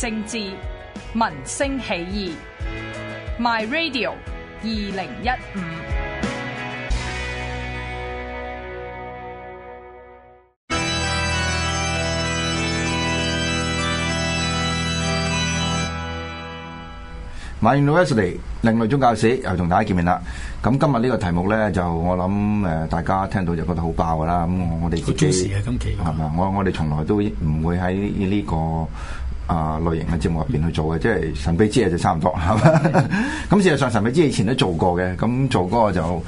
政治、民聲起義，My Radio 二零一五。My University，另類宗教史又同大家見面啦。咁今日呢個題目咧，就我諗誒，大家聽到就覺得好爆噶啦。咁我我哋好準時嘅今期係嘛？我我哋從來都唔會喺呢個。啊、呃，類型嘅節目入邊去做嘅，嗯、即係神秘之夜就差唔多。咁、嗯、 事實上，神秘之夜以前都做過嘅，咁做嗰個就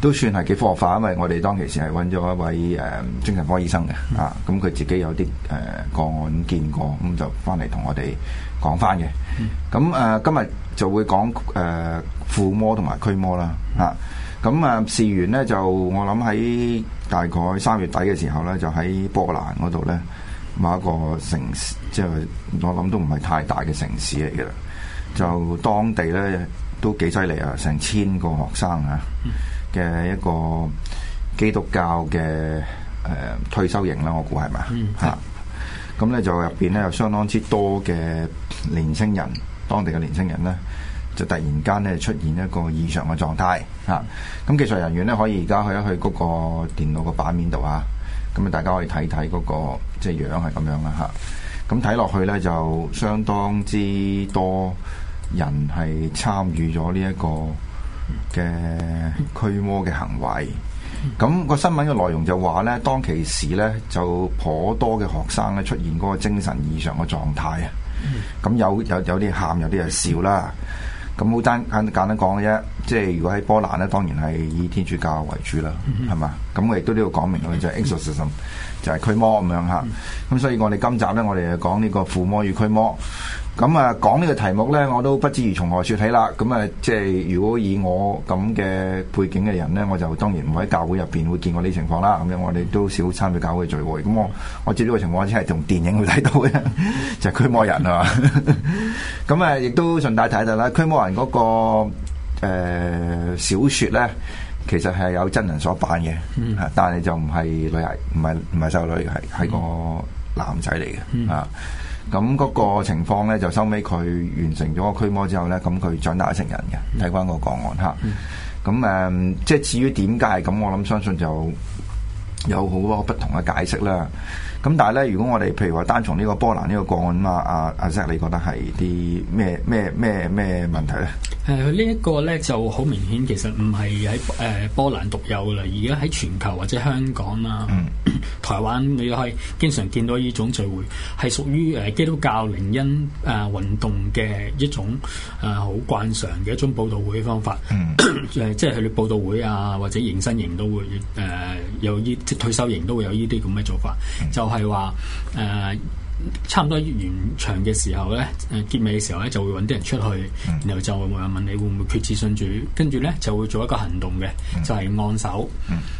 都算係幾科學化，因為我哋當其時係搵咗一位誒、呃、精神科醫生嘅，啊，咁佢自己有啲誒、呃、個案見過，咁就翻嚟同我哋講翻嘅。咁誒、嗯呃、今日就會講誒附魔同埋驅魔啦，啊，咁啊事源咧就我諗喺大概三月底嘅時候咧，就喺波蘭嗰度咧。某一個城市，即係我諗都唔係太大嘅城市嚟嘅，就當地咧都幾犀利啊！成千個學生啊嘅、嗯、一個基督教嘅誒退修營啦，我估係咪？咁咧、嗯啊、就入邊咧有相當之多嘅年青人，當地嘅年青人咧就突然間咧出現一個異常嘅狀態咁、啊、技術人員咧可以而家去一去嗰個電腦嘅版面度啊！咁啊，大家可以睇睇嗰個即係樣係咁樣啦嚇。咁睇落去咧就相當之多人係參與咗呢一個嘅驅魔嘅行為。咁個新聞嘅內容就話咧，當其時咧就頗多嘅學生咧出現嗰個精神異常嘅狀態啊。咁有有有啲喊，有啲係笑啦。咁好單，簡單講嘅啫，即係如果喺波蘭咧，當然係以天主教為主啦，係嘛、mm？咁我亦都呢度講明我哋就係、exorcism，、mm hmm. 就係驅魔咁樣嚇。咁、mm hmm. 所以我哋今集咧，我哋就講呢個附魔與驅魔。咁啊，講呢個題目咧，我都不知如從何說起啦。咁啊，即係如果以我咁嘅背景嘅人咧，我就當然唔喺教會入邊會見過呢情況啦。咁樣我哋都少參與教會嘅聚會。咁我我接呢個情況，只係同電影會睇到嘅， 就驅魔人啊。咁啊， 亦都順帶睇到啦，驅魔人嗰、那個誒、呃、小說咧，其實係有真人所扮嘅，嗯、但係就唔係女孩，唔係唔係細路女，係係個男仔嚟嘅啊。咁嗰個情況咧，就收尾佢完成咗個驅魔之後咧，咁佢長大成人嘅，睇翻、嗯、個個案吓咁誒，即係至於點解係咁，我諗相信就。有好多不同嘅解釋啦，咁但係咧，如果我哋譬如話單從呢個波蘭呢個個案啦，阿阿 Z，你覺得係啲咩咩咩咩問題咧？誒、呃，佢、這個、呢一個咧就好明顯，其實唔係喺誒波蘭獨有噶啦，而家喺全球或者香港啦、啊、嗯、台灣，你係經常見到呢種聚會，係屬於誒基督教靈恩誒運動嘅一種誒、啊、好慣常嘅一種報道會方法。誒、嗯呃，即係佢哋報道會啊，或者迎新迎都會誒、呃、有依。退休型都會有呢啲咁嘅做法，嗯、就係話誒。呃差唔多完場嘅時候咧，誒結尾嘅時候咧，就會揾啲人出去，然後就會有人問你會唔會決志信主，跟住咧就會做一個行動嘅，就係、是、按手。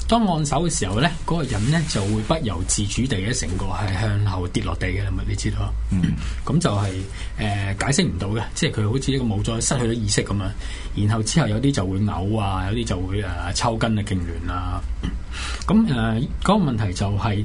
當按手嘅時候咧，嗰、那個人咧就會不由自主地嘅成個係向後跌落地嘅，咪你知道？咁、嗯、就係、是、誒、呃、解釋唔到嘅，即係佢好似一個冇助、失去咗意識咁啊。然後之後有啲就會嘔些、就會、呃、啊，有啲就會誒抽筋啊、痙攣啊。咁誒嗰個問題就係、是。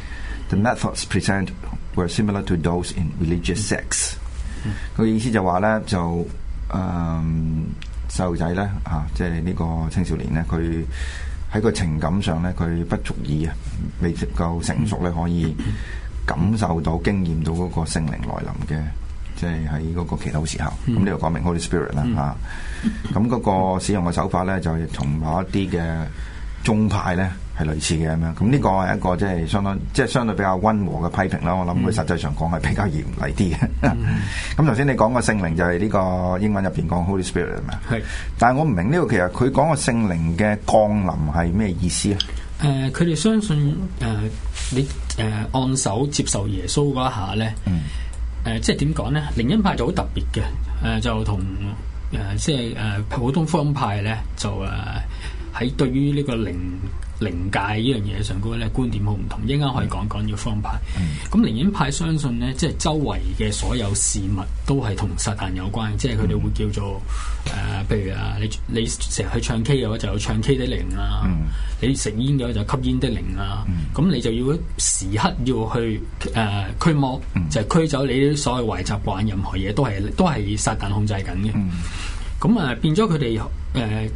The methods present were similar to those in religious sex。佢意思就話咧，就誒細路仔咧嚇，即係呢個青少年咧，佢喺個情感上咧，佢不足以啊，未夠成熟咧，可以感受到、經驗到嗰個聖靈來臨嘅，即係喺嗰個祈禱時候。咁呢度講明 Holy Spirit 啦嚇。咁嗰個使用嘅手法咧，就係同某一啲嘅宗派咧，係類似嘅咁樣，咁呢個係一個即係相當即係、就是、相對比較溫和嘅批評啦。我諗佢實際上講係比較嚴厲啲嘅。咁頭先你講個聖靈就係呢個英文入邊講 Holy Spirit 係咪啊？係，是但係我唔明呢個其實佢講個聖靈嘅降臨係咩意思啊？誒、呃，佢哋相信誒、呃，你誒、呃、按手接受耶穌嗰一下咧，誒、嗯呃，即係點講咧？靈恩派就好特別嘅，誒、呃，就同誒、呃、即係誒、呃、普通福音派咧，就誒喺、呃、對於呢個靈。靈界呢樣嘢上高咧觀點好唔同，一陣間可以講講呢個方派。咁、嗯、靈應派相信咧，即係周圍嘅所有事物都係同撒旦有關，即係佢哋會叫做誒、嗯呃，譬如啊，你你成日去唱 K 嘅話，就有唱 K 的靈啊；嗯、你食煙嘅話，就吸煙的靈啊。咁、嗯、你就要時刻要去誒、呃、驅魔，嗯、就係驅走你啲所謂壞習慣，任何嘢都係都係撒旦控制緊嘅。咁啊、嗯呃，變咗佢哋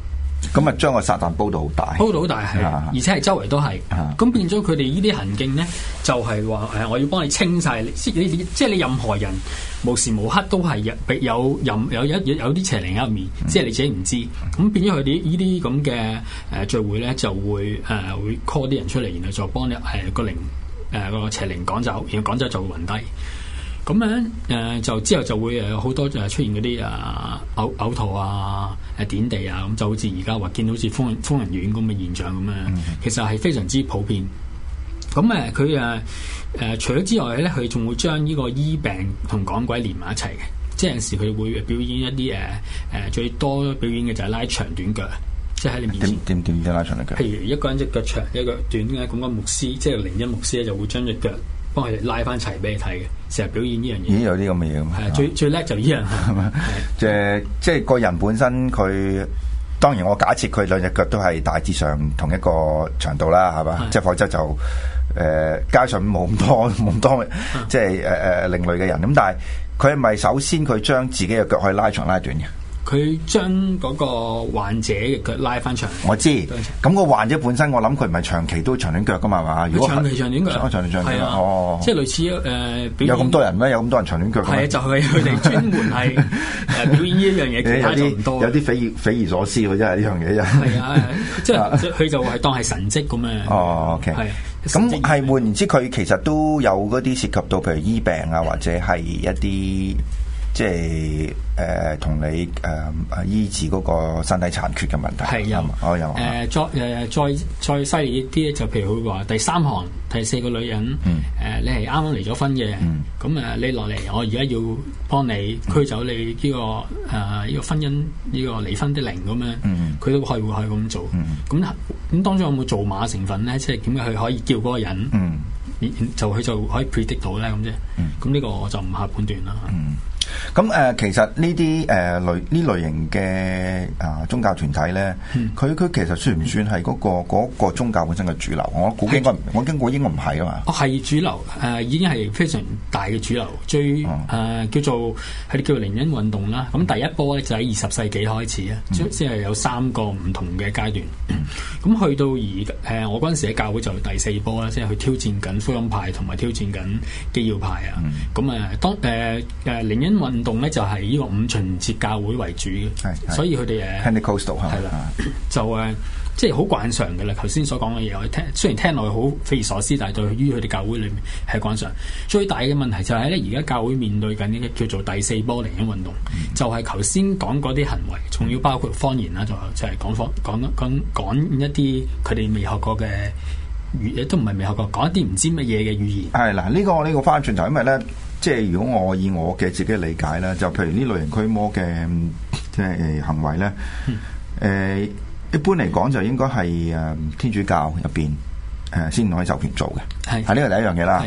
咁啊，將個撒旦煲到好大，煲到好大係，啊、而且係周圍都係。咁變咗佢哋呢啲行徑咧，就係、是、話、呃、我要幫你清晒，即係你任何人無時無刻都係有有有一有啲邪靈喺入面，即係你自己唔知。咁、嗯、變咗佢哋呢啲咁嘅誒聚會咧，就會誒、呃、會 call 啲人出嚟，然後再幫你誒個靈誒個邪靈趕走，然後趕走就會暈低。咁樣、呃、就之後就會有好多誒出現嗰啲誒嘔嘔吐啊誒點地啊，咁就好似而家話見到好似瘋瘋人院咁嘅現象咁啊，嗯、其實係非常之普遍。咁誒佢除咗之外咧,佢仲會將呢個醫病同講鬼連埋一齊嘅，即係有時佢會表演一啲誒、呃、最多表演嘅就係拉長短腳，即係你面前點點點，點拉長短腳。譬如一個人隻腳長，一個的短嘅，咁、嗰個牧師即係靈恩牧師咧就會將隻腳。幫佢哋拉翻齊俾你睇嘅，成日表演呢樣嘢。咦？有啲咁嘅嘢？係吧最最叻就呢樣。即係即係個人本身，佢當然我假設佢兩隻腳都係大致上同一個長度啦，係嘛？ 即係否則就誒加上冇咁多冇咁多即係誒誒另類嘅人。咁但係佢係咪首先佢將自己嘅腳可以拉長拉短嘅？佢將嗰個患者嘅腳拉翻長，我知。咁個患者本身，我諗佢唔係長期都長短腳噶嘛，係嘛？長期長短腳。長長長長。係啊，哦。即係類似誒，有咁多人咩？有咁多人長短腳。係，就係佢哋專門係誒表演呢一樣嘢，其他啲多。有啲匪夷匪夷所思，佢真係呢樣嘢真係。係啊，即係佢就係當係神蹟咁樣。哦，OK。係。咁係換言之，佢其實都有嗰啲涉及到，譬如醫病啊，或者係一啲。即係誒，同、呃、你誒、呃、醫治嗰個身體殘缺嘅問題係有，我、哦、有誒、呃，再誒、呃，再再犀利啲咧，就譬如佢話第三行第四個女人，誒、嗯呃，你係啱啱離咗婚嘅，咁、嗯、你落嚟，我而家要幫你驅走你呢、這個誒呢、嗯呃、個婚姻呢個離婚的靈咁、嗯、樣，佢都可以會可以咁做。咁咁、嗯、當中有冇做馬成分咧？即係點解佢可以叫嗰個人，嗯、就佢就，就可以 predict 到咧咁啫？咁呢、嗯、個我就唔下判斷啦。嗯咁誒、呃，其實呢啲誒類呢類型嘅、呃、宗教團體咧，佢佢、嗯、其實算唔算係嗰、那個、嗯、那個宗教本身嘅主流？我估計是我經過應該唔係啊嘛。哦，係主流誒、呃，已經係非常大嘅主流，最誒、呃、叫做係叫做靈恩運動啦。咁第一波咧就喺二十世紀開始啊，嗯、即係有三個唔同嘅階段。咁、嗯嗯、去到而誒、呃、我嗰陣時喺教會就是第四波啦，即係去挑戰緊福音派同埋挑戰緊基要派、嗯、啊。咁啊當誒誒靈恩。運動咧就係、是、呢個五旬節教會為主嘅，是是所以佢哋誒，係啦，就誒，即係好慣常嘅啦。頭先所講嘅嘢，我聽雖然聽落去好匪夷所思，但係對於佢哋教會裏面係慣常的。最大嘅問題就係咧，而家教會面對緊呢個叫做第四波靈恩運動，嗯、就係頭先講嗰啲行為，仲要包括方言啦，仲就係講講講講一啲佢哋未學過嘅語，都唔係未學過，講一啲唔知乜嘢嘅語言。係嗱，呢、這個呢、這個翻轉就因為咧。即係如果我以我嘅自己理解咧，就譬如呢類型驅魔嘅即係行為咧，誒、嗯呃，一般嚟講就應該係誒天主教入邊誒先可以授權做嘅，係的，係呢個第一樣嘢啦。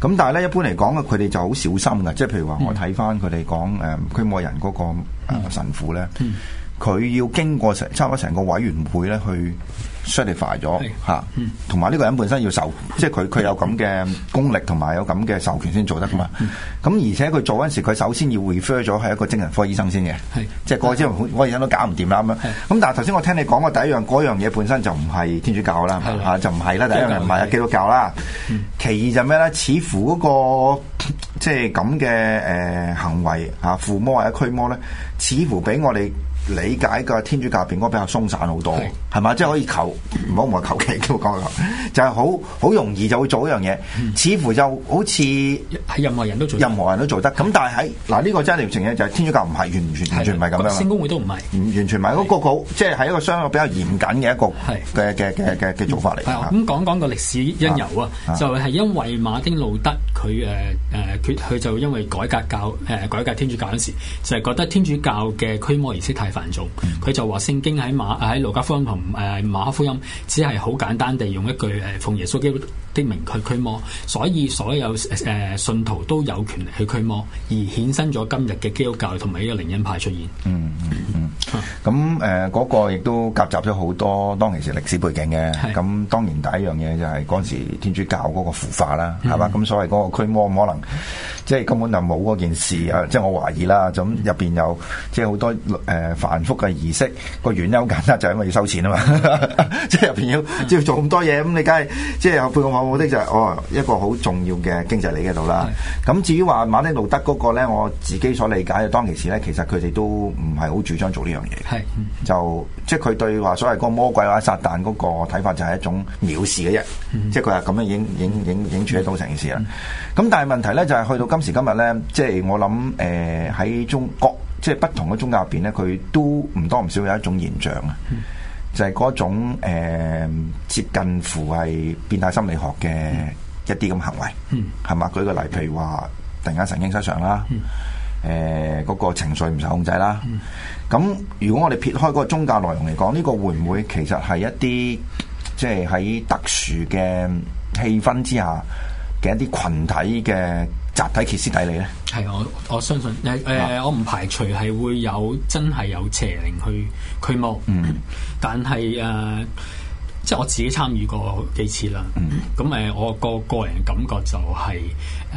咁的但係咧，一般嚟講嘅，佢哋就好小心噶，即係譬如話我睇翻佢哋講誒驅魔人嗰個神父咧，佢、嗯嗯、要經過成差唔多成個委員會咧去。certify 咗嚇，同埋呢個人本身要受，即係佢佢有咁嘅功力同埋有咁嘅授權先做得嘛。咁、嗯、而且佢做嗰時，佢首先要 refer 咗係一個精神科醫生先嘅，是即係過之後我而家都搞唔掂啦咁樣。咁但係頭先我聽你講過第一樣嗰樣嘢本身就唔係天主教啦，嚇就唔係啦，第一樣唔係基督教啦。的其二就咩咧？似乎嗰個即係咁嘅誒行為嚇附魔或者驅魔咧，似乎俾我哋。理解個天主教變嗰個比較鬆散好多，係嘛？即係可以求唔好唔係求其咁講，就係好好容易就會做一樣嘢，似乎就好似係任何人都做，任何人都做得。咁但係喺嗱呢個真係條情嘅，就係天主教唔係完全完全唔係咁樣啦，聖公會都唔係，完全唔係嗰個好，即係係一個相對比較嚴謹嘅一個嘅嘅嘅嘅做法嚟。咁講講個歷史因由啊，就係因為馬丁路德佢誒誒佢佢就因為改革教誒改革天主教嗰時，就係覺得天主教嘅驅魔儀式太繁。嚴佢、嗯、就話聖經喺馬喺路加福音同誒、呃、馬克福音，只係好簡單地用一句誒奉耶穌基督的名去驅魔，所以所有誒、呃、信徒都有權嚟去驅魔，而衍生咗今日嘅基督教同埋呢個靈恩派出現。嗯。嗯嗯咁誒，嗰、嗯呃那個亦都夾雜咗好多當其時歷史背景嘅。咁是當然第一樣嘢就係嗰陣時天主教嗰個腐化啦，係嘛、嗯？咁所謂嗰個驅魔，可能即係根本就冇嗰件事、嗯、啊！即係我懷疑啦。咁入邊有即係好多誒、呃、繁複嘅儀式，個原因好簡單，就係、是、因為要收錢啊嘛！嗯、 即係入邊要、嗯、要即係做咁多嘢，咁你梗係即係背後有目的就係、是、哦一個好重要嘅經濟嚟嘅度啦。咁、嗯、至於話馬丁路德嗰個咧，我自己所理解嘅，當其時咧，其實佢哋都唔係好主張做。呢樣嘢，係、嗯、就即係佢對話所謂個魔鬼或者撒旦嗰個睇法就係一種藐視嘅啫，嗯、即係佢係咁樣影影影影住喺度成件事啦。咁、嗯嗯、但係問題咧就係、是、去到今時今日咧，即係我諗誒喺中各即係不同嘅宗教入邊咧，佢都唔多唔少有一種現象啊，嗯、就係嗰種誒、呃、接近乎係變態心理學嘅一啲咁行為，係嘛、嗯？舉個例子，譬如話突然間神經失常啦。嗯嗯誒嗰、呃那個情緒唔受控制啦。咁如果我哋撇開嗰個宗教內容嚟講，呢、這個會唔會其實係一啲即係喺特殊嘅氣氛之下嘅一啲群體嘅集體歇斯底里咧？係，我我相信誒、呃，我唔排除係會有真係有邪靈去驅魔。嗯，但係誒、呃，即係我自己參與過幾次啦。咁、嗯呃、我個個人嘅感覺就係、是、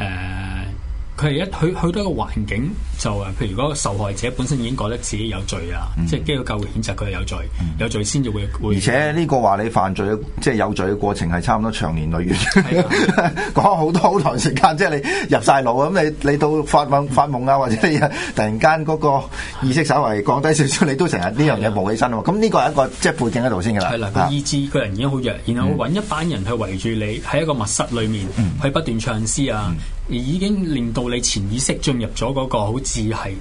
誒。呃佢係一許許多個環境就誒，譬如嗰個受害者本身已經覺得自己有罪啊，即係基督教會譴責佢係有罪，有罪先至會。而且呢個話你犯罪即係有罪嘅過程係差唔多長年累月講好多好長時間，即係你入晒腦啊，咁你你到發發夢啊，或者突然間嗰個意識稍為降低少少，你都成日呢樣嘢冒起身啊嘛。咁呢個係一個即係背景喺度先㗎啦。係啦，意志個人已經好弱，然後揾一班人去圍住你喺一個密室裏面去不斷唱詩啊。已經令到你潛意識進入咗嗰個好似係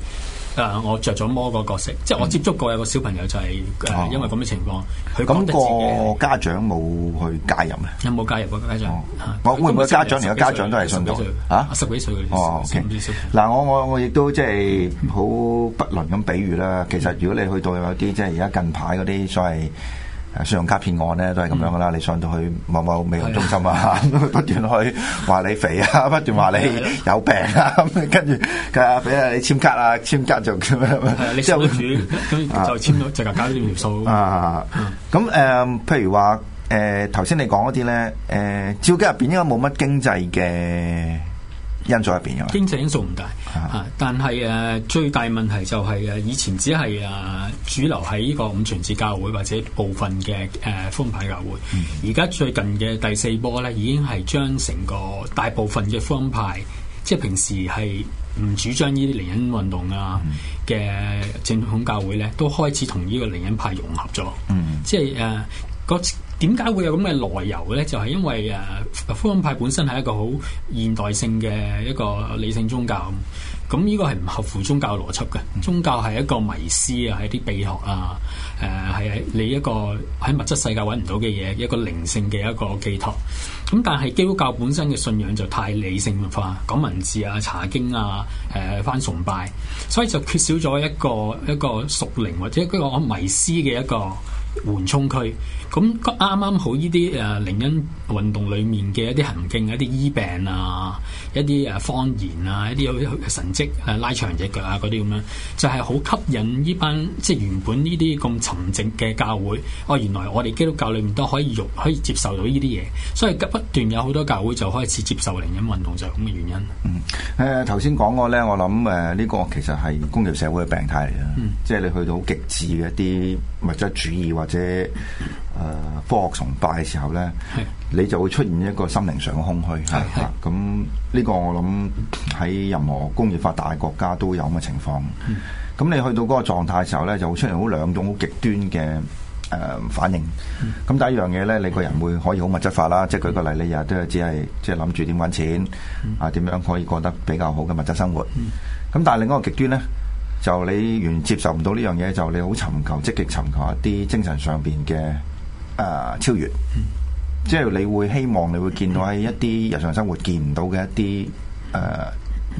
誒，我着咗魔個角色，即係我接觸過有個小朋友就係誒，因為咁嘅情況，咁個家長冇去介入嘅，有冇介入啊？家長，我會唔會家長連？個家長都係信咗？啊，十幾歲嘅哦，OK。嗱，我我我亦都即係好不倫咁比喻啦。其實如果你去到有啲即係而家近排嗰啲所謂。信用卡騙案呢都係咁樣噶啦，嗯、你上到去某某美容中心啊、哎呀， 不斷去話你肥啊，不斷話你有病啊，哎、呀 跟住啊俾你簽卡啊，簽卡就咁樣。係啊，你收咗錢，咁就簽咗，就係搞呢條數。啊，咁誒、啊，譬、呃、如話誒頭先你講嗰啲呢，誒照計入面應該冇乜經濟嘅。因素入邊嘅經濟因素唔大啊，啊！但係誒最大問題就係、是、誒以前只係誒、啊、主流喺呢個五旬節教會或者部分嘅誒方派教會，而家、嗯、最近嘅第四波咧，已經係將成個大部分嘅方派，即係平時係唔主張呢啲靈恩運動啊嘅正統教會咧，都開始同呢個靈恩派融合咗，嗯，即係誒各。啊點解會有咁嘅來由咧？就係、是、因為誒、啊，福音派本身係一個好現代性嘅一個理性宗教。咁呢個係唔合乎宗教的邏輯嘅。宗教係一個迷思啊，是一啲秘學啊，誒、啊、係你一個喺物質世界揾唔到嘅嘢，一個靈性嘅一個寄託。咁但係基督教本身嘅信仰就太理性化，講文字啊、查經啊、誒、啊、返崇拜，所以就缺少咗一個一個屬靈或者一個我迷思嘅一個。緩衝區，咁啱啱好呢啲誒零音運動裡面嘅一啲行徑、一啲醫病啊、一啲誒方言啊、一啲有神蹟誒拉長隻腳啊嗰啲咁樣，就係、是、好吸引呢班即係原本呢啲咁沉靜嘅教會。哦，原來我哋基督教裏面都可以容可以接受到呢啲嘢，所以不斷有好多教會就開始接受靈恩運動，就係咁嘅原因。嗯，誒頭先講過咧，我諗誒呢個其實係工業社會嘅病態嚟嘅，嗯、即係你去到極致嘅一啲物質主義或者。誒，科學崇拜嘅時候呢，是你就會出現一個心靈上嘅空虛嚇。咁呢、啊、個我諗喺任何工業化大國家都有咁嘅情況。咁、嗯、你去到嗰個狀態嘅時候呢，就會出現好兩種好極端嘅、呃、反應。咁第、嗯、一樣嘢呢，你個人會可以好物質化啦，嗯、即係舉個例，你日日都係只係即係諗住點揾錢、嗯、啊，點樣可以過得比較好嘅物質生活。咁、嗯、但係另一個極端呢，就你完全接受唔到呢樣嘢，就你好尋求積極尋求一啲精神上面嘅。誒、啊，超越，嗯、即係你會希望你會見到喺一啲日常生活見唔到嘅一啲誒、呃、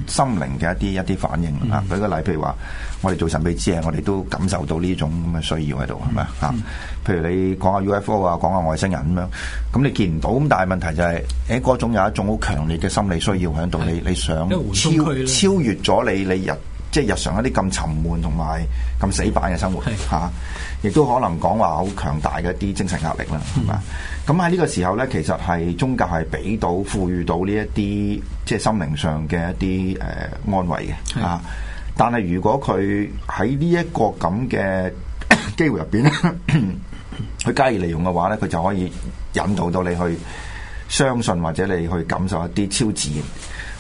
心靈嘅一啲一啲反應啊！舉、嗯、個例，譬如話我哋做神秘之嘢，我哋都感受到呢種咁嘅需要喺度，係咪啊？嗯、譬如你講下 UFO 啊，講下外星人咁樣，咁你見唔到咁，但係問題就係、係，誒嗰種有一種好強烈嘅心理需要喺度，你你想超，超越咗你你入。即係日常一啲咁沉悶同埋咁死板嘅生活吓，亦的、啊、都可能講話好強大嘅一啲精神壓力啦，係嘛？咁喺呢個時候咧，其實是，係宗教係俾到賦予到呢、就是、一啲即係心靈上嘅一啲誒安慰嘅吓，啊、是的但係如果佢喺呢一個咁嘅機會入邊，去 加以利用嘅話咧，佢就可以引導到你去相信或者你去感受一啲超自然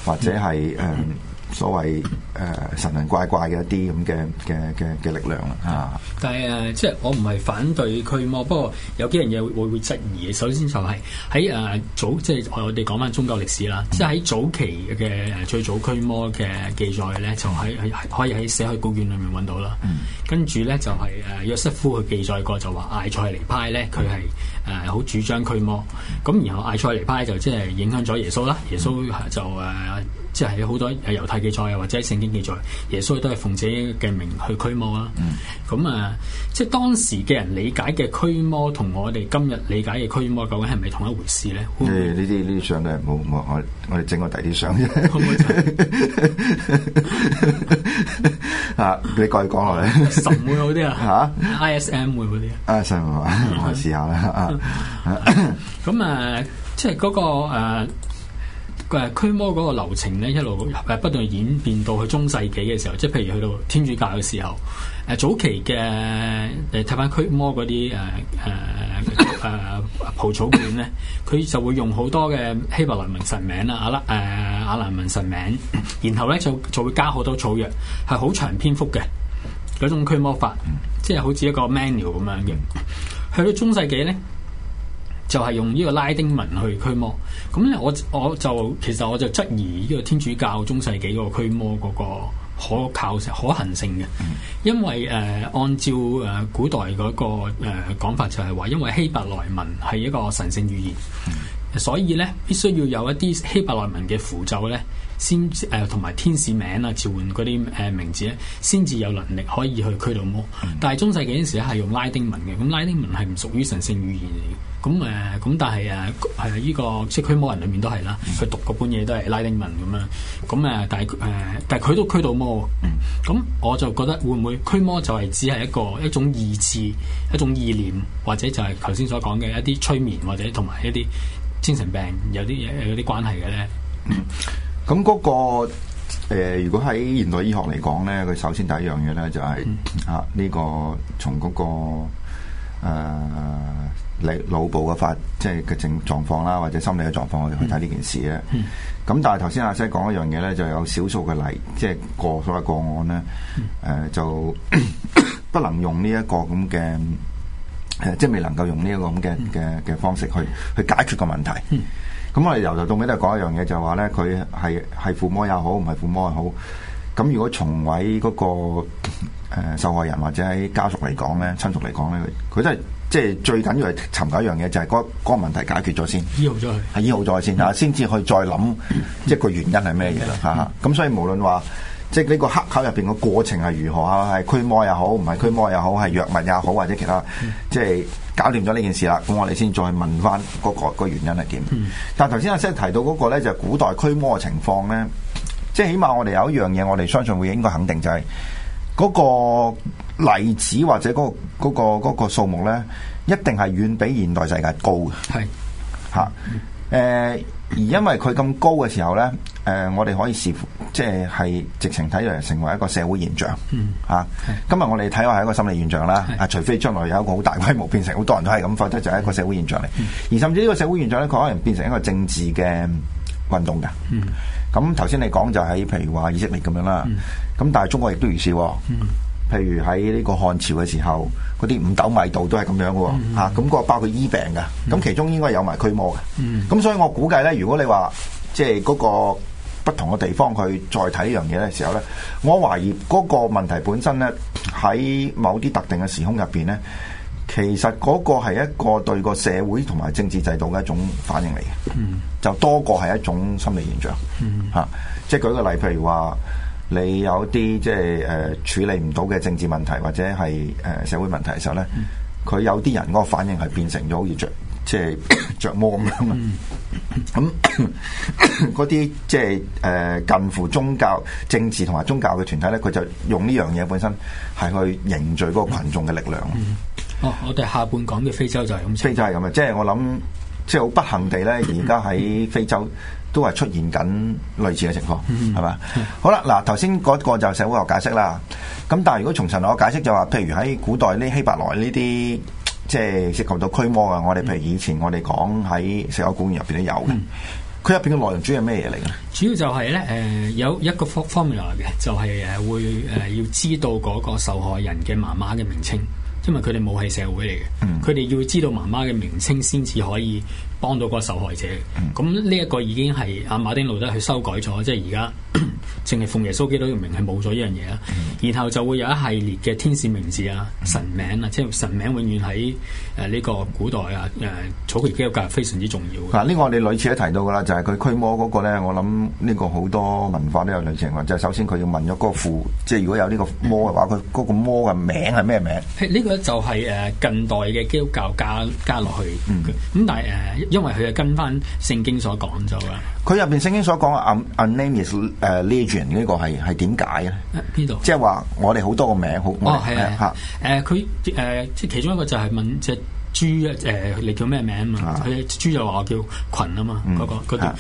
或者係誒。嗯嗯所謂誒、呃、神神怪怪嘅一啲咁嘅嘅嘅嘅力量啊！但係誒、呃，即係我唔係反對驅魔，不過有幾樣嘢會會質疑，首先就係喺誒早，即係我哋講翻宗教歷史啦，嗯、即係喺早期嘅誒最早驅魔嘅記載咧，就喺喺可以喺死海古卷裡面揾到啦。跟住咧就係誒約瑟夫佢記載過就話艾塞尼派咧，佢係誒好主張驅魔，咁、嗯、然後艾塞尼派就即係影響咗耶穌啦，嗯、耶穌就誒。呃即係好多有猶太記載啊，或者是聖經記載，耶穌都係奉自己嘅名去驅魔啦。咁啊、嗯，即係當時嘅人理解嘅驅魔，同我哋今日理解嘅驅魔，究竟係咪同一回事咧？誒，呢啲呢啲相嘅冇冇我我哋整個第二啲相啊！你過去講落嚟，神會好啲啊！嚇、啊，ISM 會好啲啊，啊，神話 我試下啦咁 啊， 即係嗰、那個、呃誒驅魔嗰個流程咧，一路誒不斷演變到去中世紀嘅時候，即係譬如去到天主教嘅時候，誒、啊、早期嘅誒睇翻驅魔嗰啲誒誒誒蒲草卷咧，佢就會用好多嘅希伯來文神名啦，阿拉誒阿蘭文神名，然後咧就就會加好多草藥，係好長篇幅嘅嗰種驅魔法，即係好似一個 menu 咁樣嘅。去到中世紀咧，就係用呢個拉丁文去驅魔，咁咧我我就其實我就質疑呢個天主教中世紀嗰個驅魔嗰個可靠性可行性嘅，因為誒、呃、按照誒古代嗰、那個誒、呃、講法就係話，因為希伯來文係一個神聖語言，嗯、所以咧必須要有一啲希伯來文嘅符咒咧。先誒同埋天使名啊，召喚嗰啲誒名字咧，先至有能力可以去驅到魔。嗯、但係中世紀嗰陣時咧，係用拉丁文嘅。咁拉丁文係唔屬於神聖語言嚟。咁誒咁，但係誒係啊，依、呃這個即驅魔人裏面都係啦，佢讀嗰本嘢都係拉丁文咁樣。咁誒、呃，但係誒、呃，但係佢都驅到魔。咁、嗯、我就覺得會唔會驅魔就係只係一個一種意志、一種意念，或者就係頭先所講嘅一啲催眠，或者同埋一啲精神病有啲有啲關係嘅咧？嗯咁嗰、那個誒、呃，如果喺現代醫學嚟講咧，佢首先第一樣嘢咧就係、是嗯、啊，呢、這個從嗰、那個誒脳腦部嘅發即係嘅症狀況啦，或者心理嘅狀況，我哋去睇呢件事咧。咁、嗯嗯嗯、但係頭先阿西講一樣嘢咧，就有少數嘅例，即、就、係、是、個所謂個案咧，誒、嗯呃、就 不能用呢一個咁嘅即係未能夠用呢一個咁嘅嘅嘅方式去去解決個問題。嗯咁我哋由頭到尾都係講一樣嘢，就係話咧，佢係係附魔又好，唔係附魔又好。咁如果從委嗰個受害人或者喺家屬嚟講咧，親屬嚟講咧，佢都係即係最緊要係尋找一樣嘢，就係嗰嗰個問題解決咗先。醫好咗係，醫好咗先，啊，先至可以再諗即係個原因係咩嘢啦。咁、嗯啊、所以無論話。即係呢個黑匣入面個過程係如何啊？係驅魔又好，唔係驅魔又好，係藥物又好，或者其他、嗯、即係搞掂咗呢件事啦。咁我哋先再問翻嗰、嗰個、嗰個原因係點？嗯、但係頭先阿 s 提到嗰個咧，就古代驅魔嘅情況咧，即係起碼我哋有一樣嘢，我哋相信會應該肯定就係、是、嗰、嗰個例子或者嗰、嗰個嗰、嗰個、嗰個數目咧，一定係遠比現代世界高嘅。係。而因為佢咁高嘅時候呢，誒、呃，我哋可以視乎，即係係直情睇嚟成為一個社會現象。嗯，啊，今日我哋睇下係一個心理現象啦。是啊，除非將來有一個好大規模變成好多人都係咁，否則就係一個社會現象嚟。嗯、而甚至呢個社會現象呢，佢可能變成一個政治嘅運動嘅。嗯，咁頭先你講就係譬如話以色列咁樣啦。嗯，咁、啊、但係中國亦都如是喎、哦。嗯。譬如喺呢個漢朝嘅時候，嗰啲五斗米道都係咁樣嘅、哦，吓咁、嗯啊咁個包括醫病嘅，咁其中應該有埋驅魔嘅，咁、嗯、所以我估計呢，如果你話即係嗰個不同嘅地方去再睇呢樣嘢嘅時候呢，我懷疑嗰個問題本身呢，喺某啲特定嘅時空入邊呢，其實嗰個係一個對個社會同埋政治制度嘅一種反應嚟嘅，就多過係一種心理現象，吓、啊，即係舉個例，譬如話。你有啲即係誒、呃、處理唔到嘅政治問題或者係、呃、社會問題嘅時候咧，佢、嗯、有啲人個反應係變成咗好似著即係著魔咁樣咁，嗰啲即係、呃、近乎宗教、政治同埋宗教嘅團體咧，佢就用呢樣嘢本身係去凝聚嗰個群眾嘅力量、嗯嗯。哦，我哋下半講嘅非洲就係咁。非洲係咁嘅，即係我諗即係好不幸地咧，而家喺非洲。都係出現緊類似嘅情況，係嘛？好啦，嗱頭先嗰個就社會學解釋啦。咁但係如果從神學解釋就話，譬如喺古代呢希伯來呢啲，即係涉及到驅魔嘅。我哋譬如以前我哋講喺社學古園入面都有嘅。佢入、嗯、面嘅內容主要係咩嘢嚟嘅？主要就係、是、咧、呃，有一個方 u l a 嘅，就係、是、誒會、呃、要知道嗰個受害人嘅媽媽嘅名稱，因為佢哋冇係社會嚟嘅，佢哋、嗯、要知道媽媽嘅名稱先至可以。幫到個受害者，咁呢一個已經係阿馬丁路德去修改咗，即係而家淨係奉耶穌基督嘅名係冇咗一樣嘢，然後就會有一系列嘅天使名字啊、嗯、神名啊，即係神名永遠喺呢個古代啊、誒早期基督教非常之重要。嗱，呢個我哋類似都提到噶啦，就係佢驅魔嗰個咧，我諗呢個好多文化都有類情況。就係首先佢要問咗個父，嗯、即係如果有呢個魔嘅話，佢嗰個魔嘅名係咩名？呢、嗯、個就係呃、近代嘅基督教加加落去咁、嗯、但係、呃因為佢係跟翻聖經所講咗啦，佢入邊聖經所講嘅 my name is 誒 Legion 呢個係係點解咧？邊度？即係話我哋好多個名，好哦係啊，誒佢誒即係其中一個就係問隻豬誒你叫咩名啊？嘛，佢豬就話我叫群啊嘛，嗰、嗰啲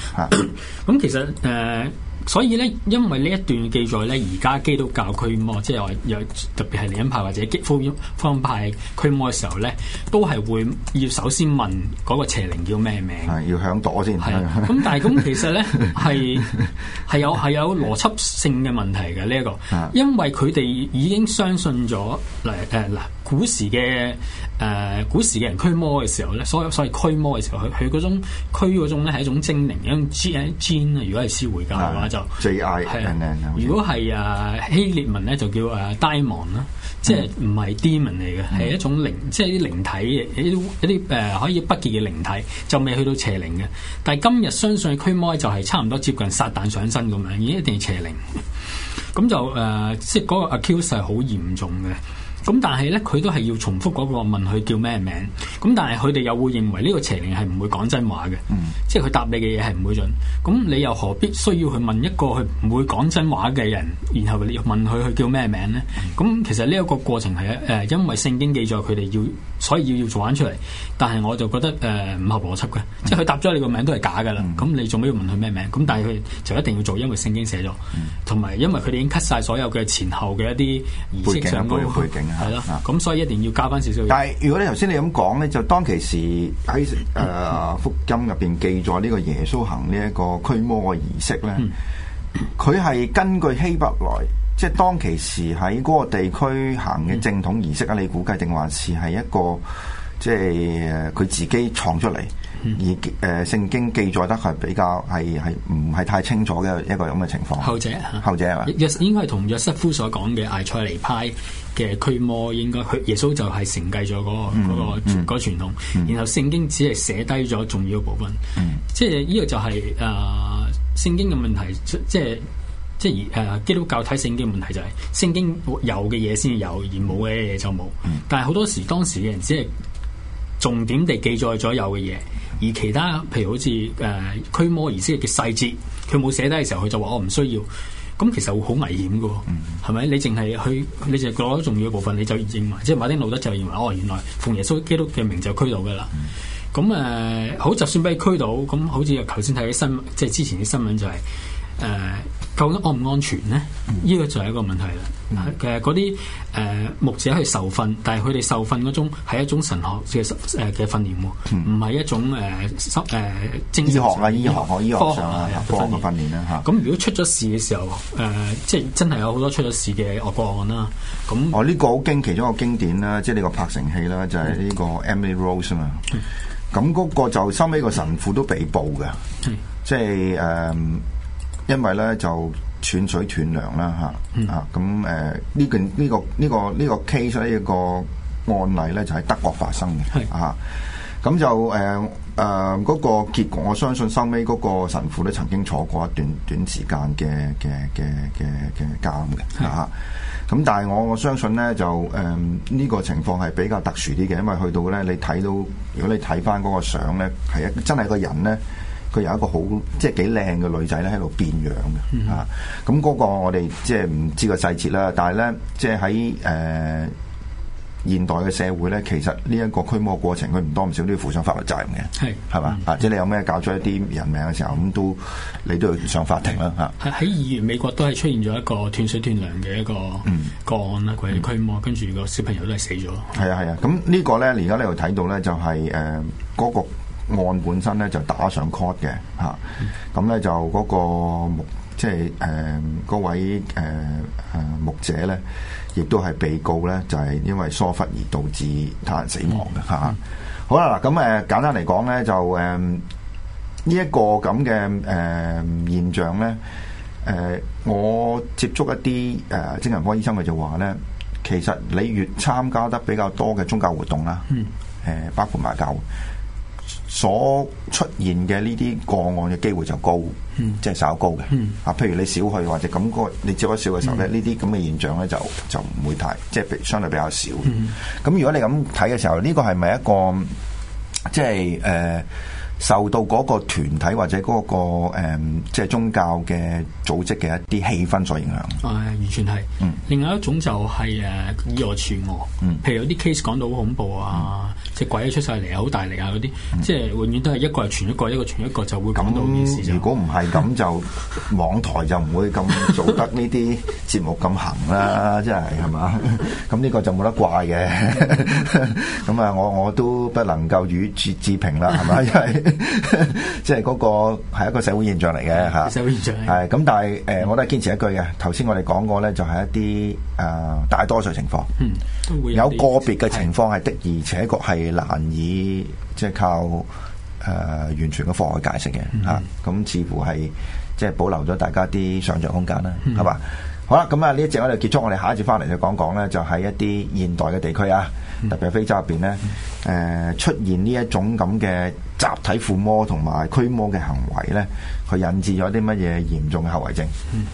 咁其實誒。呃所以咧，因為呢一段記載咧，而家基督教驅魔，即係話有特別係靈恩派或者福音方派驅魔嘅時候咧，都係會要首先問嗰個邪靈叫咩名？係要響朵先。係、啊。咁 但係咁其實咧係係有係有邏輯性嘅問題嘅呢一個，因為佢哋已經相信咗嚟誒嗱。啊啊古時嘅誒、呃，古時嘅人驅魔嘅時候咧，所以所以驅魔嘅時候，佢佢嗰種驅嗰種咧係一種精靈，一種 j i n 啊，如果係思回教嘅話就如果係啊希臘文咧就叫啊呆亡啦，即係唔係 Demon 嚟嘅，係、嗯、一種靈，即係啲靈體，一啲一啲可以不潔嘅靈體，就未去到邪靈嘅。但係今日相信嘅驅魔就係差唔多接近撒旦上身咁樣已經一定係邪靈。咁就誒，即係嗰個 Accuse 係好嚴重嘅。咁但係咧，佢都係要重複嗰個問佢叫咩名。咁但係佢哋又會認為呢個邪靈係唔會講真話嘅，嗯、即係佢答你嘅嘢係唔會準。咁你又何必需要去問一個佢唔會講真話嘅人，然後你問佢佢叫咩名呢？咁、嗯、其實呢一個過程係、呃、因為聖經記載佢哋要，所以要要做翻出嚟。但係我就覺得誒唔、呃、合邏輯嘅，嗯、即係佢答咗你個名都係假㗎啦。咁、嗯、你做咩要問佢咩名？咁但係佢就一定要做，因為聖經寫咗，同埋、嗯、因為佢哋已經 cut 曬所有嘅前後嘅一啲背景，啊背景啊。係咯，咁所以一定要加翻少少。但係如果你頭先你咁講咧，就當其時喺、呃、福音入邊記載呢個耶穌行呢一個驅魔嘅儀式咧，佢係根據希伯來即係、就是、當其時喺嗰個地區行嘅正統儀式啊！你估計定還是係一個？即係佢自己創出嚟，而誒聖經記載得係比較係係唔係太清楚嘅一個咁嘅情況。後者，後者係嘛？約應該係同約瑟夫所講嘅艾塞尼派嘅驅魔，應該佢耶穌就係承繼咗嗰個嗰、嗯、個傳統。嗯嗯、然後聖經只係寫低咗重要嘅部分。嗯、即係呢個就係、是、誒、啊、聖經嘅問題，即係即係誒、啊、基督教睇聖經嘅問題就係、是、聖經有嘅嘢先至有，而冇嘅嘢就冇。嗯、但係好多時當時嘅人只係，重點地記載咗有嘅嘢，而其他譬如好似誒、呃、驅魔儀式嘅細節，佢冇寫低嘅時候，佢就話我唔需要。咁其實會好危險喎，係咪、嗯？你淨係去，你淨係攞咗重要嘅部分，你就認為即係馬丁路德就認為哦，原來奉耶穌基督嘅名就驅到㗎啦。咁誒、嗯呃，好,就好，就算俾佢驅到，咁好似頭先睇啲新，即係之前啲新聞就係、是。誒，究竟安唔安全咧？呢個就係一個問題啦。其實嗰啲誒牧者去受訓，但係佢哋受訓嗰種係一種神學嘅誒嘅訓練，唔係一種誒誒。醫學啊，醫學學醫學上嘅訓練啦吓。咁如果出咗事嘅時候，誒，即係真係有好多出咗事嘅惡果案啦。咁哦，呢個好驚其中一個經典啦，即係呢個拍成戲啦，就係呢個 Emily Rose 啊嘛。咁嗰個就收尾個神父都被捕㗎，即係誒。因為咧就斷水斷糧啦、嗯、啊咁誒呢件呢個呢、呢個呢、呢個、case 呢一個案例咧就喺德國發生嘅咁是的、啊、就誒嗰、呃嗰個結局我相信收尾嗰個神父咧曾經坐過一段短時間嘅嘅嘅嘅嘅監嘅嚇，咁是的、啊、但係我我相信咧就誒呢、呃呢個情況係比較特殊啲嘅，因為去到咧你睇到如果你睇翻嗰個相咧係一真係個人咧。佢有一個好即係幾靚嘅女仔咧喺度變樣嘅嚇，咁嗰、嗯哼啊嗰個我哋即係唔知個細節啦，但係咧即係喺誒現代嘅社會咧，其實呢一個驅魔過程，佢唔多唔少都要負上法律責任嘅，係係嘛啊！即你有咩搞咗一啲人命嘅時候，咁都你都要上法庭啦嚇。喺二月美國都係出現咗一個斷水斷糧嘅一個個案啦，佢哋、嗯、驅魔、嗯、跟住個小朋友都係死咗。係啊係啊，咁吧呢而家、就係呃嗰個咧而家你又睇到咧就係誒嗰個。案本身咧就打上 court 嘅嚇，咁、啊、咧就嗰、那個牧即係誒嗰位誒誒牧者咧，亦都係被告咧，就係、是、因為疏忽而導致他人死亡嘅嚇。啊嗯、好啦咁誒簡單嚟講咧，就誒呢一個咁嘅誒現象咧，誒、呃、我接觸一啲誒、呃、精神科醫生，佢就話咧，其實你越參加得比較多嘅宗教活動啦，誒、嗯呃、包括埋教。所出現嘅呢啲個案嘅機會就高，即係稍高嘅。嗯、啊，譬如你少去或者咁個你接得少嘅時候咧，呢啲咁嘅現象咧就就唔會太即係、就是、相對比較少。咁、嗯、如果你咁睇嘅時候，呢、這個係咪一個即係誒受到嗰個團體或者嗰、那個即係、呃就是、宗教嘅組織嘅一啲氣氛所影響？誒完全係。嗯，另外一種就係、是、誒以訛傳訛，譬如有啲 case 講到好恐怖、嗯、啊！隻鬼出曬嚟啊！好大力啊！嗰啲即係永遠都係一個傳一個，一個傳一個就會。咁如果唔係咁就網台就唔會咁做得呢啲節目咁行啦，即係係嘛？咁呢個就冇得怪嘅。咁啊，我我都不能夠語絕自評啦，係嘛？因為即係嗰個係一個社會現象嚟嘅吓。社會現象係。係咁，但係誒，我都係堅持一句嘅。頭先我哋講過咧，就係一啲誒大多數情況，嗯，都會有個別嘅情況係的，而且確係。難以即係靠誒、呃、完全嘅科學解釋嘅吓，咁、嗯啊、似乎係即係保留咗大家啲想像空間啦，係嘛？好啦，咁啊呢一節我哋結束，我哋下一節翻嚟就講講咧，就喺一啲現代嘅地區啊，特別係非洲入邊咧，誒、嗯呃、出現呢一種咁嘅集體附魔同埋驅魔嘅行為咧，佢引致咗啲乜嘢嚴重嘅後遺症？嗯